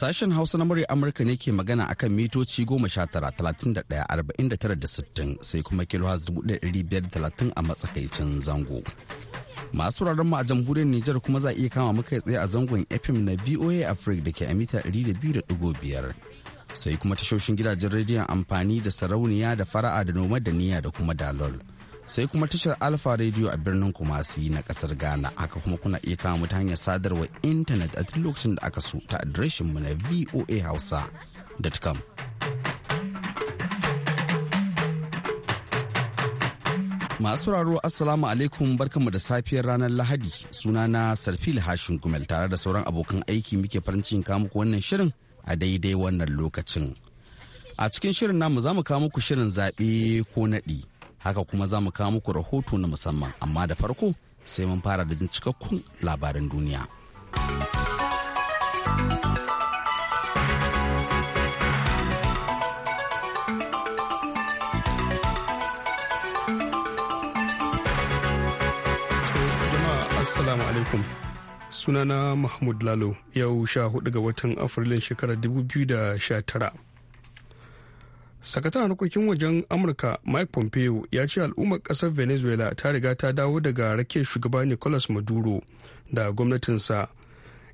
Sashen Hausa na murya Amurka ne ke magana akan mitoci goma 19,31,49,60 sai kuma da 1,530 a matsakaicin zango. Masu wuraren mu a jamhuriyar Nijar kuma za a iya kama muka tsaye a zangon FM na VOA Africa da ke a mita 200.5. Sai kuma tashoshin gidajen rediyon amfani da sarauniya da fara'a da noma da niyya da kuma dalol. sai kuma tashar alfa radio a birnin kumasi na kasar ghana haka kuma kuna iya kama ta hanyar sadarwar intanet a duk lokacin da aka so ta adireshin mu na voa hausa.com masu raro assalamu alaikum barkanmu da safiyar ranar lahadi sunana sarfil hashin gumel tare da sauran abokan aiki muke farin cikin kamuku wannan shirin a daidai wannan lokacin a cikin shirin namu za mu kawo muku shirin zaɓe ko naɗi haka kuma za mu kawo muku rahoto na musamman amma da farko sai mun fara da jin cikakkun labarin duniya. Assalamu alaikum. Sunana Mahmud Lalo, yau sha hudu ga watan Afrilun shekarar 2019. sakatan harkokin wajen amurka mike pompeo ya ce al'ummar kasar venezuela ta riga ta dawo daga rake shugaba nicolas maduro da gwamnatinsa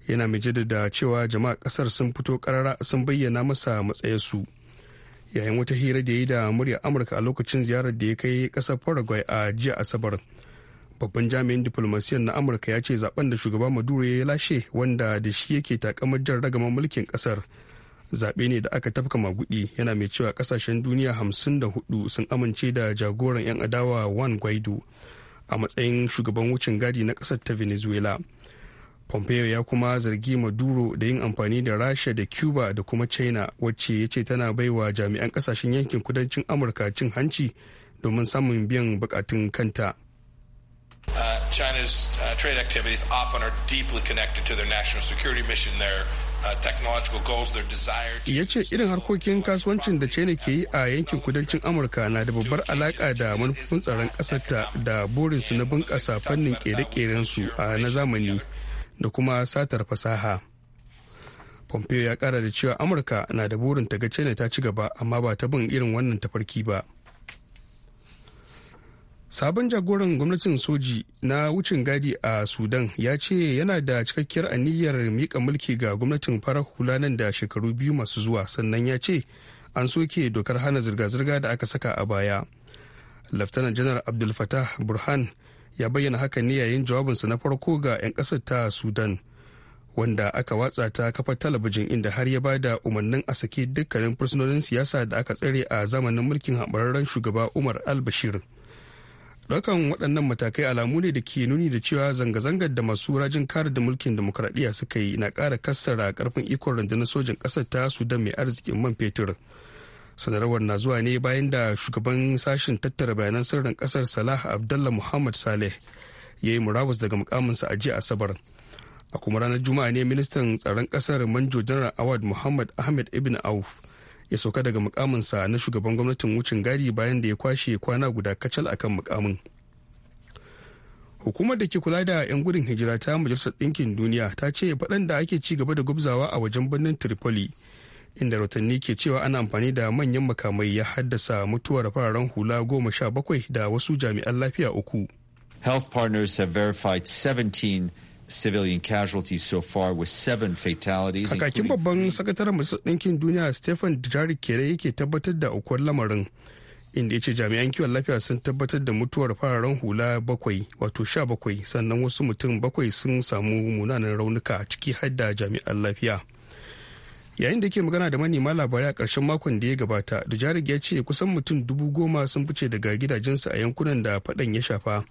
yana mai jaddada cewa jama'a kasar sun fito karara sun bayyana masa matsayarsu yayin wata hira da ya yi da murya amurka a lokacin ziyarar da ya kai kasar paraguay a jiya asabar babban jami'in diplomasiyan na amurka ya ce zaben da shugaba maduro ya lashe wanda da shi yake takamar jan ragaman mulkin kasar zaɓe ne da aka tafka magudi yana mai cewa ƙasashen duniya hamsin da hudu sun amince da jagoran 'yan adawa wan guaido a matsayin shugaban wucin gadi na ƙasar ta venezuela pompeo ya kuma zargi maduro da yin amfani da rasha da cuba da kuma china wacce ya ce tana baiwa jami'an ƙasashen yankin kudancin amurka cin hanci domin samun biyan bukatun kanta uh, China's uh, trade activities often are deeply connected to their national security mission there. Uh, ya ce irin harkokin kasuwancin da china ke yi a yankin kudancin amurka na da babbar alaka da manufofin tsaron ƙasarta da burinsu na bunƙasa fannin ƙere ƙerensu su a na zamani da kuma satar fasaha pompeo ya ƙara da cewa amurka na da burin ta ga china ta ci gaba amma ba ta bin irin wannan tafarki ba sabon jagoran gwamnatin soji na wucin gadi a sudan ya ce yana da cikakkiyar aniyar mika mulki ga gwamnatin farar hula nan da shekaru biyu masu zuwa sannan ya ce an soke dokar hana zirga-zirga da aka saka a baya laftanan janar abdul fatah burhan ya bayyana haka ne yayin jawabinsa na farko ga 'yan ƙasar ta sudan wanda aka watsa ta kafa talabijin inda har ya bada umarnin a sake dukkanin fursunonin siyasa da aka tsare a zamanin mulkin haɓararren shugaba umar al-bashir ɗaukan waɗannan matakai alamu ne da ke nuni da cewa zanga-zangar da masu rajin kare da mulkin demokuraɗiyya suka yi na ƙara kassara ƙarfin ikon rundunar sojin ƙasar ta sudan mai arzikin man fetur sanarwar na zuwa ne bayan da shugaban sashen tattara bayanan sirrin ƙasar salah abdallah muhammad saleh ya yi murabus daga mukaminsa a jiya asabar a kuma ranar juma'a ne ministan tsaron ƙasar manjo janar awad muhammad ahmed ibn auf ya sauka daga mukaminsa na shugaban gwamnatin wucin gadi bayan da ya kwashe kwana guda kacal akan mukamin hukumar da ke kula da 'yan gudun hijira ta majalisar ɗinkin duniya ta ce faɗan da ake ci gaba da gubzawa a wajen birnin tripoli inda rautanni ke cewa ana amfani da manyan makamai ya haddasa mutuwar fararen hula goma sha bakwai da wasu jami'an lafiya uku health partners have verified 17 civilian casualties so far with seven fatalities. Kakakin babban sakataren Majalisar Ɗinkin Duniya Stephen Dujarric Kere yake tabbatar da aukuwar lamarin inda yace jami'an kiwon lafiya sun tabbatar da mutuwar fararen hula bakwai wato sha bakwai sannan wasu mutum bakwai sun samu munanan raunuka ciki har da jami'an lafiya. yayin da ke magana da manema labarai a ƙarshen makon da ya gabata da ya ce kusan mutum dubu goma sun fice daga gidajensu a yankunan da faɗan ya shafa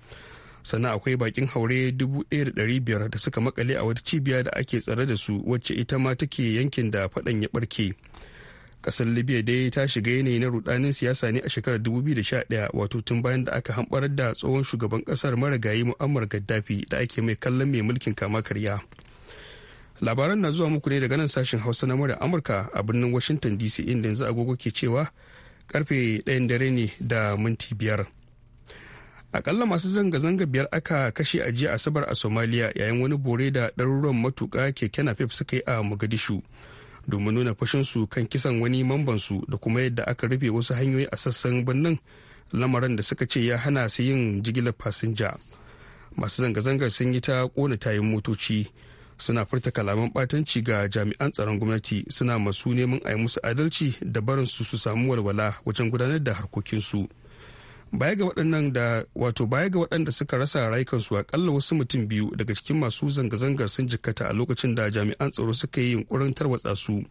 sannan akwai bakin haure 1,500 da suka makale a wata cibiya da ake tsare da su wacce ita ma take yankin da faɗan ya barke ƙasar libya dai ta shiga yanayi na rudanin siyasa ne a shekarar 2011 wato tun bayan da aka hambarar da tsohon shugaban kasar marigayi mu'ammar gaddafi da ake mai kallon mai mulkin kama karya labaran na zuwa muku ne daga nan sashen hausa na murya amurka a birnin washington dc inda yanzu agogo ke cewa karfe 1 dare ne da minti biyar. akalla masu zanga-zanga biyar aka kashe a jiya asabar a somalia yayin wani bore da ɗaruruwan matuƙa keke napep suka yi a mugadishu domin nuna fashin su kan kisan wani mambansu da kuma yadda aka rufe wasu hanyoyi a sassan birnin lamarin da suka ce ya hana su yin jigilar fasinja masu zanga-zangar sun yi ta kona tayin motoci suna furta kalaman ɓatanci ga jami'an tsaron gwamnati suna masu neman a yi musu adalci da barin su su samu walwala wajen gudanar da harkokinsu. su baya ga waɗannan da wato baya ga waɗanda suka rasa rayukansu akalla wasu mutum biyu daga cikin masu zanga-zangar sun jikkata a lokacin da jami'an tsaro suka yi yunkurin tarwatsa su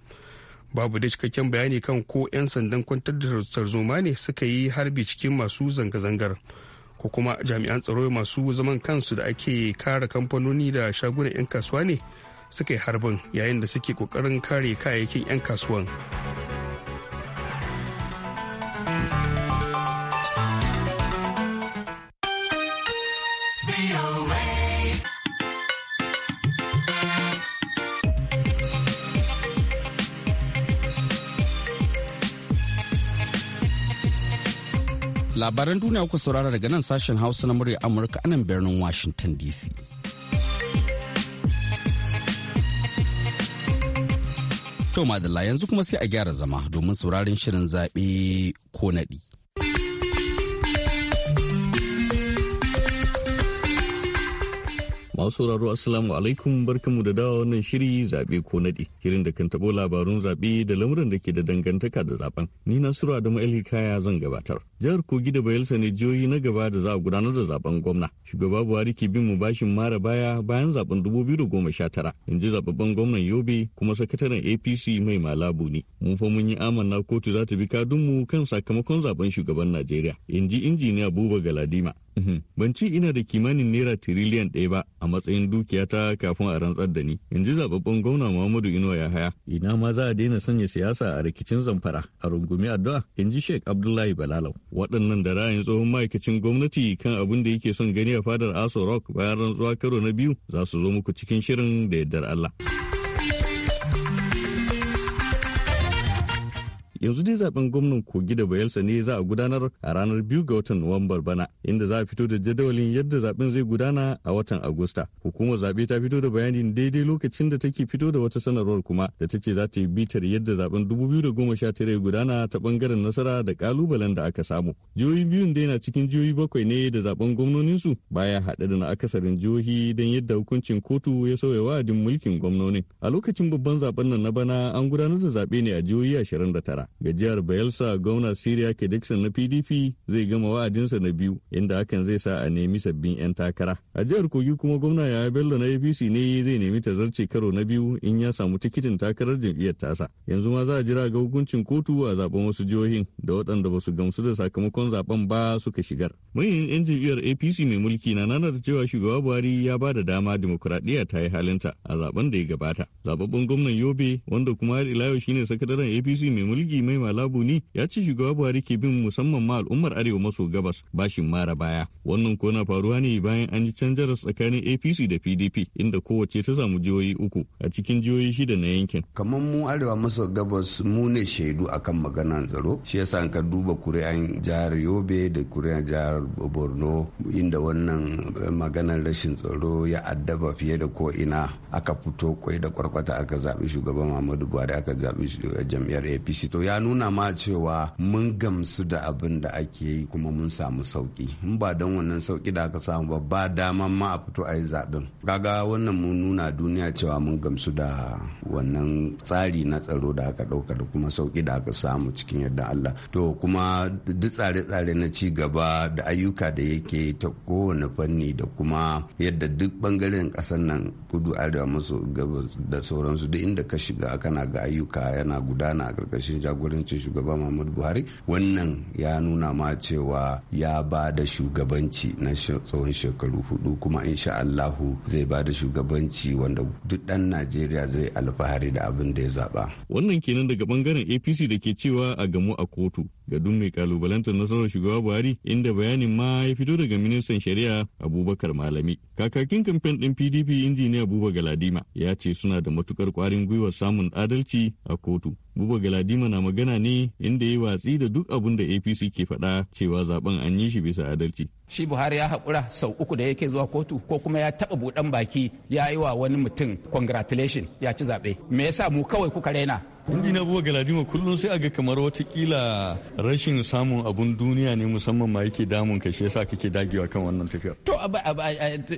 babu da cikakken bayani kan ko 'yan sandan kwantar da tarzoma ne suka yi harbi cikin masu zanga-zangar ko kuma jami'an tsaro masu zaman kansu da ake kare kamfanoni da shagunan 'yan kasuwa ne suka yi harbin yayin da suke kokarin kare kayayyakin 'yan kasuwan. labaran duniya kuka saurara daga nan sashen hausa na murya amurka anan birnin washington dc to madalla yanzu kuma sai a gyara zama domin sauraron shirin zaɓe ko naɗi Masu sauraro Assalamu alaikum barkanmu da dawa wannan shiri zaɓe ko naɗi. Shirin da kan taɓo labarun zaɓe da lamuran da ke da dangantaka da zaɓen. Ni na Sura da Ma'ali Kaya zan gabatar. Jihar Kogi da Bayelsa ne jihohi na gaba da za a gudanar da zaben gwamna. Shugaba Buhari ke bin mu bashin mara baya bayan zaɓen 2019. In ji zaɓaɓɓen gwamnan Yobe kuma sakataren APC mai malabu ne. Mun fa mun yi amanna kotu za ta bi kadunmu kan sakamakon zaben shugaban Najeriya. In ji injiniya Buba Galadima. Mhm. Ban ce ina da kimanin naira tiriliyan ɗaya ba a matsayin dukiyata kafin a rantsar da ni. In ji zababben gwamna Muhammadu Inuwa ya haya. Ina ma za a daina sanya siyasa a rikicin zamfara a rungumi addu'a in ji Sheikh Abdullahi Balalau. Waɗannan da ra'ayin tsohon ma'aikacin gwamnati kan abin da yake son gani a fadar Aso Rock bayan rantsuwa karo na biyu za su zo muku cikin shirin da yardar Allah. yanzu dai zaben gwamnan kogi da bayelsa ne za a gudanar a ranar biyu ga watan nuwambar bana inda za a fito da jadawalin yadda zaben zai gudana a watan agusta hukumar zaɓe ta fito da bayanin daidai lokacin da take fito da wata sanarwar kuma da ta ce za ta yi bitar yadda zaben 2019 ya gudana ta bangaren nasara da kalubalen da aka samu jihohi biyun dai na cikin jihohi bakwai ne da zaben gwamnoninsu baya haɗe da na akasarin jihohi don yadda hukuncin kotu ya sauya wa'adin mulkin gwamnonin a lokacin babban zaben nan na bana an gudanar da zaɓe ne a jihohi 29 ga jihar bayelsa gwamna siriya ke dixon na pdp zai gama wa'adinsa na biyu inda hakan zai sa a nemi sabbin 'yan takara a jihar kogi kuma gwamna ya bello na apc ne zai nemi tazarce karo na biyu in ya samu tikitin takarar jam'iyyar tasa yanzu ma za a jira ga hukuncin kotu a zaben wasu jihohin da waɗanda ba su gamsu da sakamakon zaben ba suka shigar manyan 'yan jam'iyyar apc mai mulki na nanar cewa shugaba buhari ya ba da dama dimokuraɗiyya ta yi halinta a zaben da ya gabata zababben gwamnan yobe wanda kuma har ila yau shine sakataren apc mai mulki mai malabu ne ya ce shugaba buhari ke bin musamman ma al'ummar arewa maso gabas bashin mara baya wannan ko na faruwa ne bayan an ji canjar tsakanin apc da pdp inda kowace ta samu jihohi uku a cikin jihohi shida na yankin kamar mu arewa maso gabas mu ne shaidu akan maganar tsaro shi yasa an ka duba kuri'an jihar yobe da kuri'an jihar borno inda wannan maganar rashin tsaro ya addaba fiye da ko ina aka fito kwai da kwarkwata aka zaɓi shugaban muhammadu buhari aka zaɓi jam'iyyar apc to ya nuna ma cewa mun gamsu da abin da ake yi kuma mun samu sauki in ba don wannan sauki da aka samu ba ba daman ma a fito a yi zaɓen kaga wannan mun nuna duniya cewa mun gamsu da wannan tsari na tsaro da aka ɗauka da kuma sauki da aka samu cikin yadda Allah to kuma duk tsare-tsare na ci gaba da ayyuka da yake ta kowane fanni da kuma yadda duk bangaren ƙasar nan kudu arewa maso gabas da sauransu duk inda ka shiga kana ga ayyuka yana gudana a ƙarƙashin jago jagorancin shugaba muhammadu buhari wannan ya nuna ma cewa ya ba da shugabanci na tsohon shekaru hudu kuma insha allahu zai ba da shugabanci wanda duk dan najeriya zai alfahari da abin da ya zaba wannan kenan daga bangaren apc da ke cewa a gamu a kotu ga duk mai kalubalantar nasarar shugaba buhari inda bayanin ma ya fito daga ministan shari'a abubakar malami kakakin kamfen din pdp injiniya buba galadima ya ce suna da matukar kwarin gwiwa samun adalci a kotu buba galadima na magana ne inda ya watsi da duk abin da apc ke faɗa cewa zaben an yi shi bisa adalci shi buhari ya haƙura sau uku da yake zuwa kotu ko kuma ya taɓa buɗan baki ya yi wa wani mutum congratulation ya ci zaɓe me yasa mu kawai kuka raina Kundi na buwa galadima kullum sai ga kamar watakila rashin samun abun duniya ne musamman ma yake damun ka shi yasa kake dagewa kan wannan tafiyar. To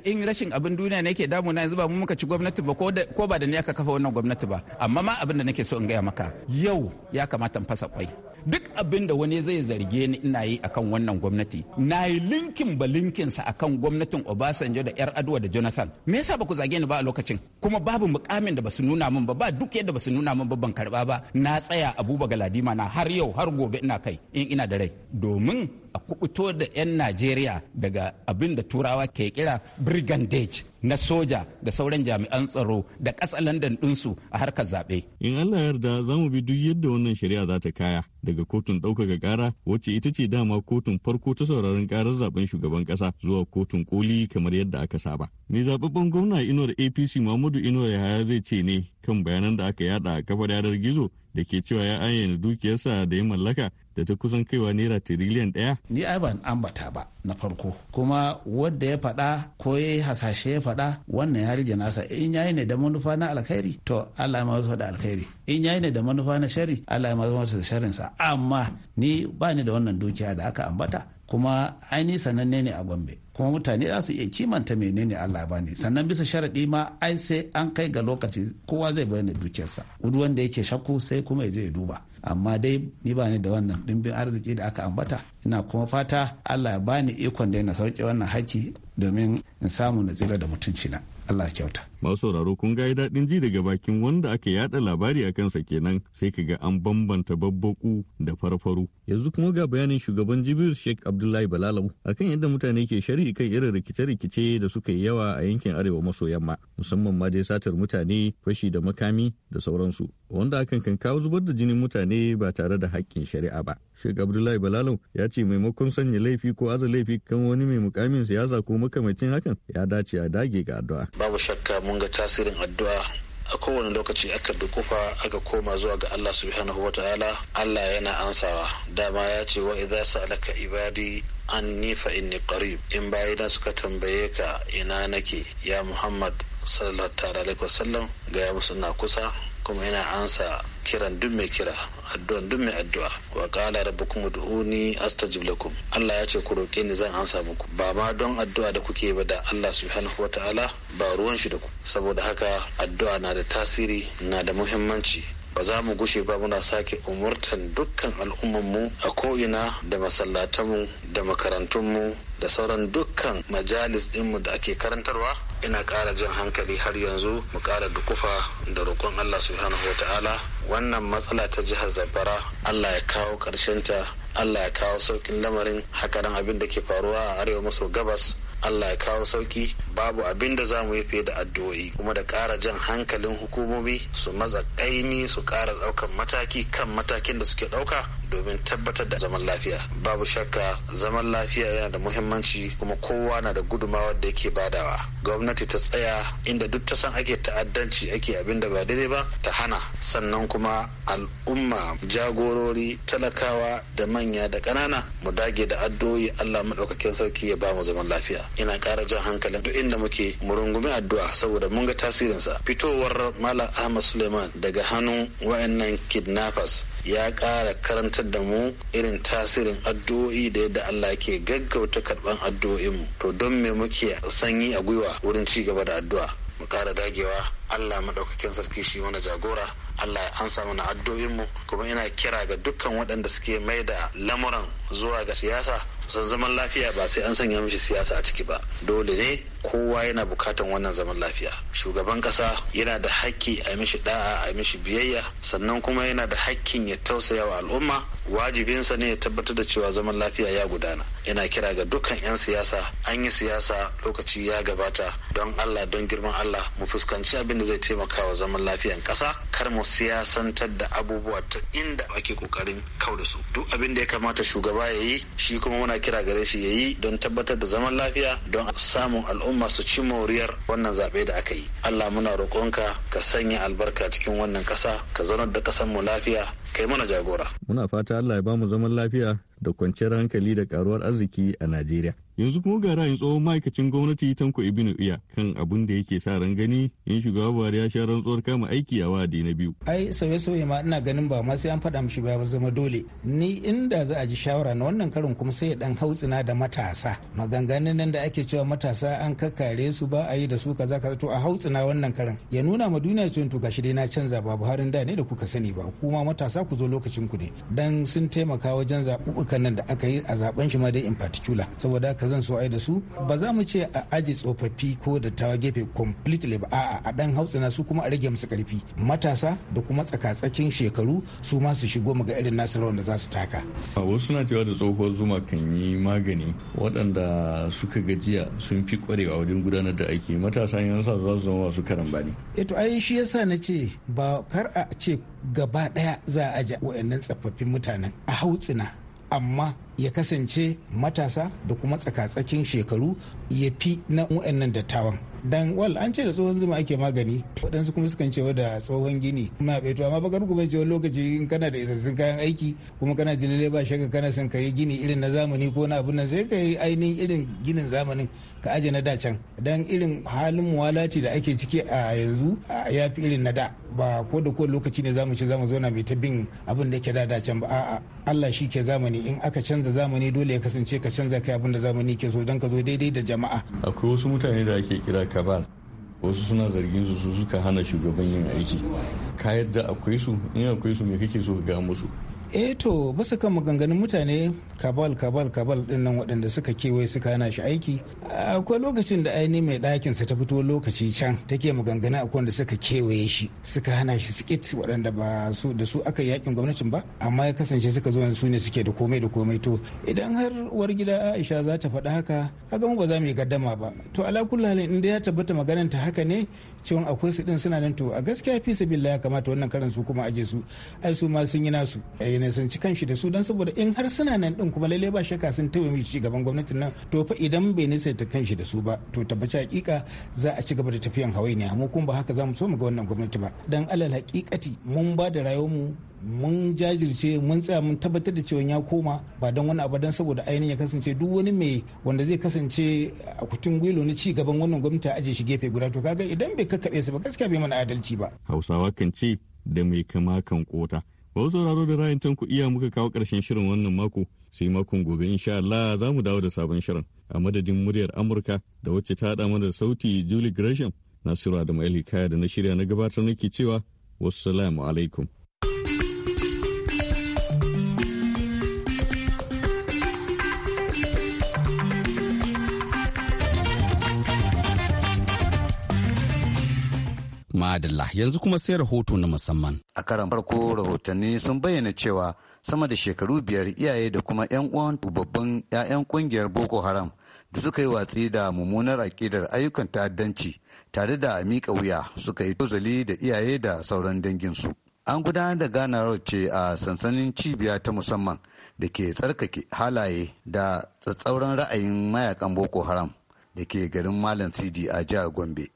in rashin abun duniya ne yake damuna yanzu ba mu muka ci gwamnati ba ko ba da ni aka kafa wannan gwamnati ba amma ma abin da nake so in gaya maka yau ya kamata in fasa kwai duk abin da wani zai zarge ni ina yi akan wannan gwamnati na yi linkin ba linkinsa akan gwamnatin obasanjo da yar aduwa da jonathan me yasa ba ku zage ni ba a lokacin kuma babu mukamin da ba su nuna min ba ba duk yadda ba su nuna min ba ban karba ba na tsaya abuba galadima na har yau har gobe ina kai in ina da rai domin a kubuto da 'yan najeriya daga abin da turawa ke kira brigandage na soja da sauran jami'an tsaro da ƙasa katsalandan ɗinsu a harkar zaɓe. In Allah yarda za mu bi duk yadda wannan shari'a za ta kaya daga kotun ɗaukaka ƙara wacce ita ce dama kotun farko ta sauraron ƙarar zaben shugaban ƙasa zuwa kotun koli kamar yadda aka saba. Mai zababben gwamna inuwar APC Muhammadu Inuwar Yahaya zai ce ne kan bayanan da aka yada a kafar yanar gizo da ke cewa ya ayyana dukiyarsa da ya mallaka da ta kusan kaiwa naira tiriliyan ɗaya? Ni ai ban ambata ba na farko kuma wanda ya faɗa ko ya yi hasashe ya faɗa wannan ya rige nasa in yi ne da manufa na alkhairi to Allah ya masa da alkhairi in ya yi ne da manufa na shari Allah ya masa da sharinsa amma ni ba ni da wannan dukiya da aka ambata kuma aini sananne ne a gombe kuma mutane za su iya kimanta menene allah ba ne sannan bisa sharaɗi ma ai sai an kai ga lokaci kowa zai bayyana dukiyarsa wudu wanda yake shakku sai kuma ya je ya duba amma dai ni ba ni da wannan ɗimbin arziki da aka ambata ina kuma fata allah ya bani ikon da yana sauke wannan haki domin in samu na da mutuncina allah kyauta masu sauraro kun ga daɗin ji daga bakin wanda aka yada labari a kansa kenan sai ka ga an bambanta babbaku da farfaru yanzu kuma ga bayanin shugaban jibir sheikh abdullahi balalau akan yadda mutane ke shari'i kan irin rikice-rikice da suka yi yawa a yankin arewa maso yamma musamman ma dai satar mutane fashi da makami da sauransu wanda akan kan kawo zubar da jinin mutane ba tare da haƙƙin shari'a ba sheikh abdullahi balalau ya ce maimakon sanya laifi ko aza laifi kan wani mai mukamin siyasa ko makamacin hakan ya dace a dage ga addu'a mun ga tasirin addu'a a kowane lokaci aka dukufa aka koma zuwa ga Allah subhanahu wa ta'ala Allah yana ansawa dama ya ce wa idza sa'alaka ibadi anni fa inni qarib in bayina suka tambaye ka ina nake ya Muhammad sallallahu alaihi wasallam ga ya musu kusa kuma yana ansa kiran duk mai kira addu'an duk mai addu'a wa qala rabbukum ud'uni astajib lakum Allah ya ce ku roke ni zan ansa muku ba ma don addu'a da kuke ba da Allah subhanahu ta'ala ba ruwan shi da ku saboda haka addu'a na da tasiri na da muhimmanci ba za mu gushe ba muna sake umurtan dukkan al'ummanmu a ko'ina da masallatanmu da makarantunmu da sauran dukkan majalis dinmu da ake karantarwa ina ƙara jan hankali har yanzu mu ƙara dukufa da roƙon Allah subhanahu wa ta'ala wannan matsala ta jihar zabara Allah ya kawo ƙarshenta Allah ya kawo sauƙin lamarin hakanan abin da ke faruwa a arewa maso gabas allah ya kawo sauki babu abin da za mu yi fiye da addu'o'i kuma da ƙara jan hankalin hukumomi su matsa ƙaimi su ƙara ɗaukan mataki kan matakin da suke ɗauka domin tabbatar da zaman lafiya babu shakka zaman lafiya yana da muhimmanci kuma kowa na da gudumawar da yake badawa gwamnati ta tsaya inda duk ta san ake ta'addanci ake abin da ba daidai ba ta hana sannan kuma al'umma jagorori talakawa da manya da ƙanana mu dage da addu'o'i Allah maɗaukakin sarki ya ba mu zaman lafiya ina ƙara jan hankalin duk inda muke mu rungumi addu'a saboda mun ga tasirinsa fitowar malam Ahmad Suleiman daga hannun wa'annan kidnappers ya ƙara karantar da mu irin tasirin addu'o'i da yadda Allah ke gaggauta karɓan mu. to don me muke sanyi a gwiwa wurin ci gaba da addu'a mu ƙara dagewa Allah maɗaukakin sarki shi mana jagora Allah ya ansa mana mu. kuma ina kira ga dukkan waɗanda suke mai da lamuran zuwa ga siyasa san zaman lafiya ba sai an sanya mishi siyasa a ciki ba dole ne kowa yana bukatan wannan zaman lafiya shugaban kasa yana da haƙƙi a mishi da'a a mishi biyayya sannan kuma yana da haƙƙin ya tausaya wa al'umma wajibinsa ne ya tabbatar da cewa zaman lafiya ya gudana yana kira ga dukkan 'yan siyasa an yi siyasa lokaci ya gabata don allah don girman allah mu fuskanci abin da zai taimaka wa zaman lafiyan kasa kar mu siyasantar da abubuwa ta inda ake kokarin kau da su duk abin da ya kamata shugaba ya yi shi kuma muna kira gare shi ya yi don tabbatar da zaman lafiya don samun al'umma al'umma su ci moriyar wannan zaɓe da aka yi allah muna roƙonka ka sanya albarka cikin wannan ƙasa ka zanar da ƙasar mu lafiya kai mana jagora muna fata allah ya bamu zaman lafiya da kwanciyar hankali da karuwar arziki a najeriya yanzu kuma ga ra'ayin tsohon ma'aikacin gwamnati tanko ibnu iya kan abin da yake sa ran gani in shugaba buhari ya sha rantsuwar kama aiki a wadi na biyu ai sauye-sauye ma ina ganin ba ma sai an faɗa mishi ba zama dole ni inda za a ji shawara na wannan karin kuma sai ya dan hautsina da matasa maganganun nan da ake cewa matasa an kakare su ba a yi da su kaza kaza to a hautsina wannan karin ya nuna ma duniya cewa to gashi dai na canza ba harin da ne da kuka sani ba kuma matasa ku zo lokacin ku ne dan sun taimaka wajen zaɓuɓɓukan nan da aka yi a zaben shi ma dai in particular saboda zan so ai da su ba za mu ce a aji tsofaffi ko da tawa gefe completely ba a'a a dan hautsina su kuma a rage musu karfi matasa da kuma tsakatsakin shekaru su ma su shigo mu ga irin nasu rawan da za su taka wasu na cewa da tsohuwar zuma kan yi magani waɗanda suka gajiya sun fi kwarewa wajen gudanar da aiki matasa yan sa za su zama masu karambani eh to ai shi yasa na ce ba kar a ce gaba daya za a aje waɗannan tsofaffin mutanen a hautsina amma ya kasance matasa da kuma tsakatsakin shekaru ya fi na waɗannan dattawan dan wal an ce da tsohon zuma ake magani waɗansu kuma sukan cewa da tsohon gini na beto amma bakar kuma cewa lokaci in kana da isassun kayan aiki kuma kana jin lalle ba shakka kana son ka yi gini irin na zamani ko na abin nan sai ka yi ainihin irin ginin zamanin ka aje na da can dan irin halin muwalati da ake ciki a yanzu ya fi irin na da ba ko da ko lokaci ne zamu ce zamu zauna mai ta bin abin da ke da da can ba a'a Allah shi ke zamani in aka canza zamani dole ya kasance ka canza kai abin da zamani ke so don ka zo daidai da jama'a akwai wasu mutane da ake kira kabal wasu suna zargin su suka hana shugaban yin aiki ka yadda akwai su in akwai su me kake so ka ga musu eh to bisa kan maganganun mutane kabal kabal kabal din nan waɗanda suka kewaye suka hana shi aiki akwai lokacin da aini mai ɗakin sa ta fito lokaci can take maganganu akwai wanda suka kewaye shi suka hana shi sikit waɗanda ba su da su aka yakin gwamnatin ba amma ya kasance suka zo su ne suke da komai da komai to idan har uwar gida Aisha za ta faɗi haka haka mu ba za mu yi gaddama ba to ala kullalin inda ya tabbata maganar ta haka ne cewa akwai su din suna nan to a gaskiya fi sabi ya kamata wannan karan su kuma aje su ai su ma sun yi nasu ai ne sun ci kanshi da su dan saboda in har suna nan din kuma lalle ba shakka sun taɓa mi ci gaban gwamnatin nan to fa idan bai nisa ta kanshi da su ba to tabbaci hakika za a ci gaba da tafiyan ne mu kuma ba haka za mu so mu ga wannan gwamnati ba dan alal hakikati mun ba da rayuwar mu mun jajirce mun tsaya mun tabbatar da cewa ya koma ba don wani abu don saboda ainihin ya kasance duk wani mai wanda zai kasance a kutun gwilo na ci gaban wannan gwamnati a aje shi gefe guda to kaga idan bai kakkaɓe su ba gaskiya bai mana adalci ba hausawa kan ce da mai kama kan kota ba sauraro da ra'ayin tanku iya muka kawo ƙarshen shirin wannan mako sai makon gobe insha Allah za mu dawo da sabon shirin a madadin muryar Amurka da wacce ta haɗa mana sauti Julie Gresham Nasiru Adamu Ali Kaya da na shirya na gabatar nake cewa wassalamu alaikum. Madalla yanzu kuma sai rahoto na musamman. A karan farko rahotanni sun bayyana cewa sama da shekaru biyar iyaye da kuma 'yan uwan babban 'ya'yan kungiyar Boko Haram da suka yi watsi da mummunar akidar ayyukan ta'addanci tare da miƙa wuya suka yi tozali da iyaye da sauran danginsu. An gudanar da ganawar ce a sansanin cibiya ta musamman da ke tsarkake halaye da tsatsauran ra'ayin mayakan Boko Haram da ke garin Malam Sidi a jihar Gombe.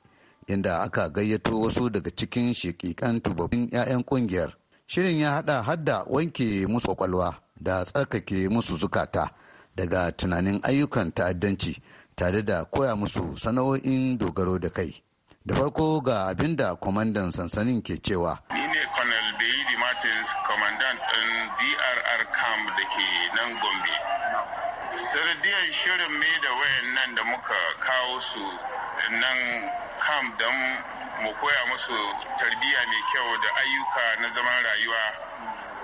inda aka gayyato wasu daga cikin shekikan tubabin 'ya'yan ƙungiyar shirin ya hada hadda wanke musu kwakwalwa da tsarkake musu zukata daga tunanin ayyukan ta'addanci tare da koya musu sana'o'in dogaro da kai da farko ga abin da kwamandan sansanin ke cewa ni ne colonel beidi martins kwamandan ɗin drr camp da ke nan gombe Sardiyar shirin mai da wayan nan da muka kawo su nan kam don mu koya musu tarbiyya mai kyau da ayyuka na zaman rayuwa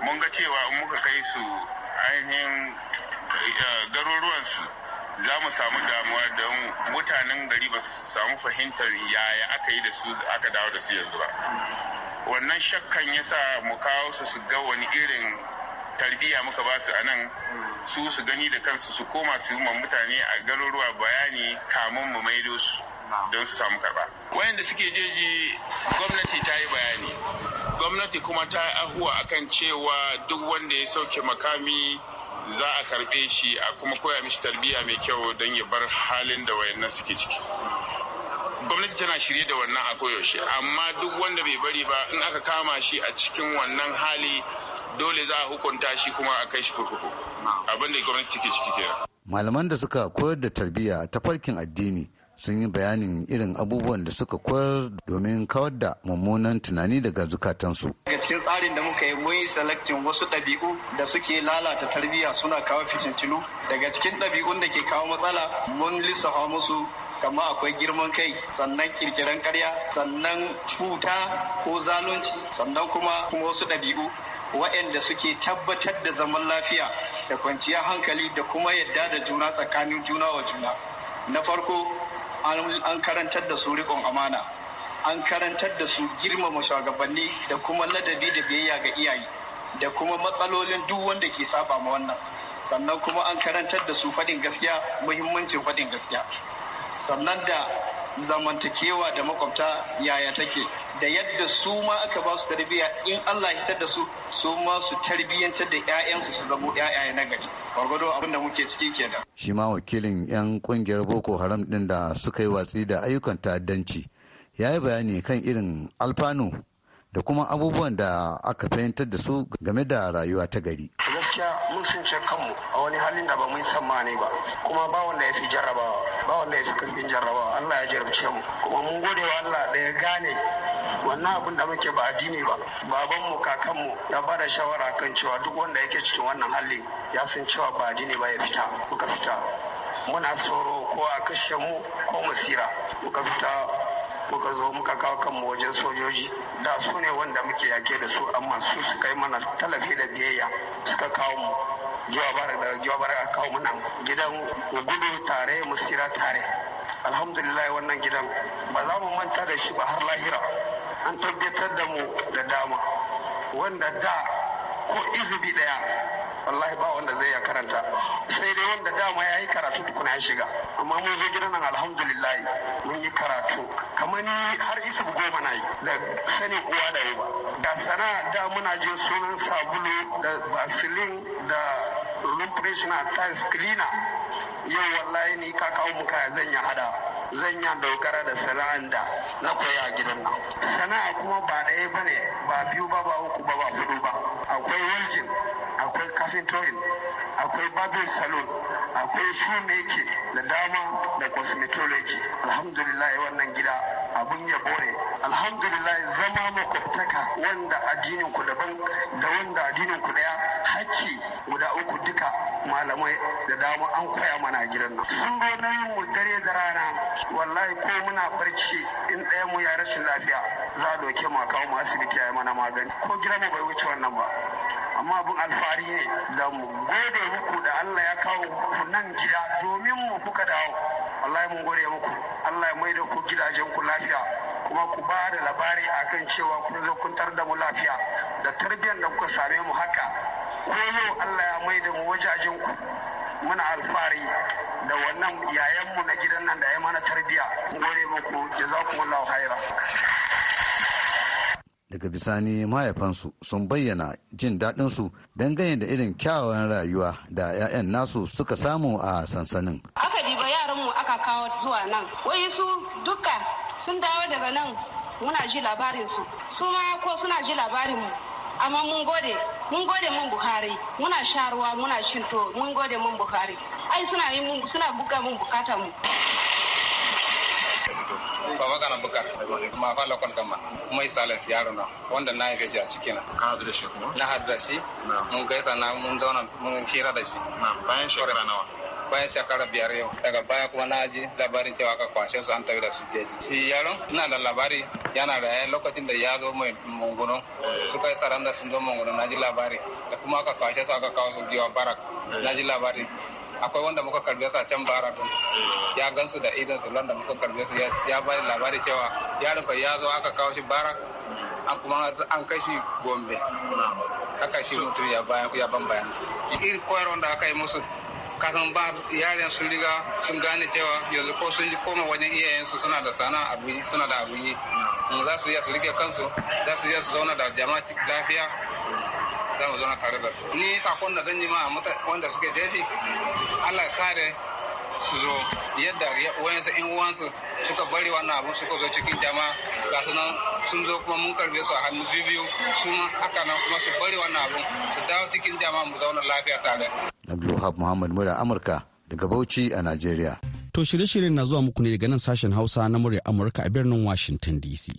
mun ga cewa in muka kai su ainihin eh, garuruwansu za mu samu damuwa don mutanen gari ba su samu fahimtar yaya aka yi da su aka dawo da su yanzu ba wannan shakkan ya sa mu kawo su su ga wani irin tarbiyya muka ba su a nan su su gani da kansu su koma su yi mutane a garuruwa bayani kamun mu maido su don su samu karba wayanda suke jeji gwamnati ta yi bayani gwamnati kuma ta yi ahuwa kan cewa duk wanda ya sauke makami za a karbe shi a kuma koya mishi tarbiyya mai kyau don ya bar halin da wayannan suke ciki gwamnati tana shirye da wannan a koyaushe amma duk wanda bai bari ba in aka kama shi a cikin wannan hali dole za a hukunta shi kuma a kai shi kurkuku abinda gwamnati ke ciki kenan malaman da suka koyar da tarbiyya ta farkin addini sun yi bayanin irin abubuwan da suka koyar domin kawar da mummunan tunani daga zukatansu. Daga cikin tsarin da muka yi mun yi selectin wasu ɗabi'u da suke lalata tarbiyya suna kawo fitintinu. Daga cikin ɗabi'un da ke kawo matsala mun lissafa musu kama akwai girman kai sannan kirkiran karya sannan cuta ko zalunci sannan kuma kuma wasu ɗabi'u waɗanda suke tabbatar da zaman lafiya da kwanciyar hankali da kuma yadda da juna tsakanin juna wa juna na farko an karantar da su rikon amana an karantar da su girmama shugabanni da kuma ladabi da biyayya ga iyaye da kuma matsalolin duk wanda ke saba ma wannan sannan kuma an karantar da su faɗin gaskiya muhimmancin faɗin gaskiya sannan da zamantakewa da makwabta yaya take da yadda su ma aka ba su tarbiyya in Allah hitar da su su ma su tarbiyyantar da 'ya'yansu su zamo 'ya'ya na gari gwargwado abin da muke ciki kenan shi ma wakilin 'yan kungiyar boko haram din da suka yi watsi da ayyukan ta'addanci ya yi bayani kan irin alfanu da kuma abubuwan da aka fahimtar da su game da rayuwa ta gari. Gaskiya mun sun kanmu a wani halin da ba mun ne ba kuma ba wanda ya fi jarrabawa ba wanda ya kan karfin jarrabawa Allah ya jarabce mu kuma mun gode wa Allah da ya gane wannan abin da muke ba addini ba babanmu kakanmu ya ba da shawara kan cewa duk wanda yake cikin wannan hali ya san cewa ba addini ba ya fita kuka fita muna tsoro ko a kashe mu ko masira Kuka fita muka zo muka kawo kanmu wajen sojoji da su ne wanda muke yake da su amma su suka yi mana talafi da biyayya suka kawo mu jawabara da jawabara a kawo nan gidan mu gudu tare mu sira tare alhamdulillah wannan gidan ba za mu manta da shi ba har lahira an tabbatar da mu da dama wanda da ko izubi daya wallahi ba wanda zai ya karanta sai dai wanda dama ya yi karatu tukuna ya shiga amma mun zo gidan nan alhamdulillah mun yi karatu kamar ni har isu goma na yi da sanin uwa da uba da sana da muna jin sunan sabulu da basilin da mun a tiles cleaner yau wallahi ni ka kawo muka zan ya hada zan ya dogara da sana'an da na koya gidan nan sana'a kuma ba ɗaya ba ne ba biyu ba ba uku ba ba hudu ba akwai welding akwai carpentering akwai babin salon akwai shoemaking da dama da cosmetology alhamdulillah wannan gida abun ya bore alhamdulillah zama makwabtaka wanda addinin ku daban da wanda addinin ku daya hakki guda uku duka malamai da dama an koya mana gidan nan sun zo nauyin mu dare da rana wallahi ko muna barci in ɗaya mu ya rashin lafiya za a doke mu a kawo mu asibiti a yi mana magani ko gidan mu bai wuce wannan ba amma abin alfahari ne da mu gode muku da Allah ya kawo ku nan gida domin mu kuka dawo ya mun gode muku Allah ya maida ku gidajen ku lafiya kuma ku ba da labari akan cewa kun zo kun tar da mu lafiya da tarbiyyar da kuka same mu haka ko yau Allah ya maida mu wajajen ku muna alfahari da wannan yayan mu na gidan nan da ya mana tarbiyya gode muku jazakumullahu khaira daga bisani mahaifansu sun bayyana jin daɗinsu dangane da irin kyawawan rayuwa da 'ya'yan nasu suka samu a sansanin. Aka diba yaranmu aka kawo zuwa nan, wai su duka sun dawo daga nan muna ji labarinsu, su ma ko suna ji labarinmu. Amma mun gode, mun gode mun Buhari, muna sharuwa muna shinto, mun gode mun Buhari. Ai suna buga mun bukata mu. ba waka na bukar ma fa lokon ma. kuma isalet yaro na wanda na yi gaji a ciki na ka hadu da shi kuma na hadu da shi mun gaisa na mun zauna mun hira da shi Na bayan shekara nawa bayan shekara biyar yau daga baya kuma na ji labarin cewa ka kwashe su an tafi da su jeji shi yaro ina da labari yana da lokacin da ya zo mai munguno suka yi saranda sun zo munguno na ji labari da kuma aka kwashe su aka kawo su giwa barak na ji labari akwai wanda muka karbe su a can bara don ya gansu da idan su landa muka karbe su ya ba labari cewa yaron fa ya zo aka kawo shi bara an kuma an kai shi gombe aka shi mutum ya bayan ya ban bayan irin koyarwar da aka yi musu kasan ba yaren sun riga sun gane cewa yanzu ko sun koma wajen iyayensu suna da sana abin suna da abu yi za su iya su rike kansu za su iya su zauna da jama'a lafiya za mu zauna tare da su ni sakon da zan yi ma wanda suke jeji allah sa sare su zo yadda wayansu in uwansu suka bari wannan abu suka zo cikin jama'a ga su nan sun zo kuma mun karbe su a hannu biyu su ma haka nan kuma su bari wannan abu su dawo cikin jama'a mu zauna lafiya tare. Abdulwahab Muhammad Mura Amurka daga Bauchi a Najeriya. To shirye-shiryen na zuwa muku ne daga nan sashen Hausa na murya Amurka a birnin Washington DC.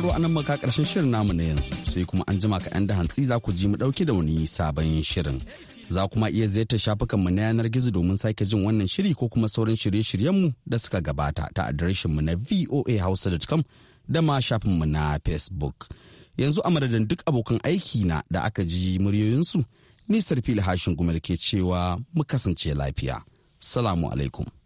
sauraro nan maka karshen shirin namu na yanzu sai kuma an jima 'yan da hantsi za ku ji mu ɗauke da wani sabon shirin. Za kuma iya ziyartar mu na yanar gizo domin sake jin wannan shiri ko kuma sauran shirye shiryen mu da suka gabata ta mu na voahausa.com da ma shafin mu na Facebook. Yanzu a madadin duk abokan aiki na da aka ji muryoyinsu, nisar fili hashin gumar ke cewa mu kasance lafiya. Salamu alaikum.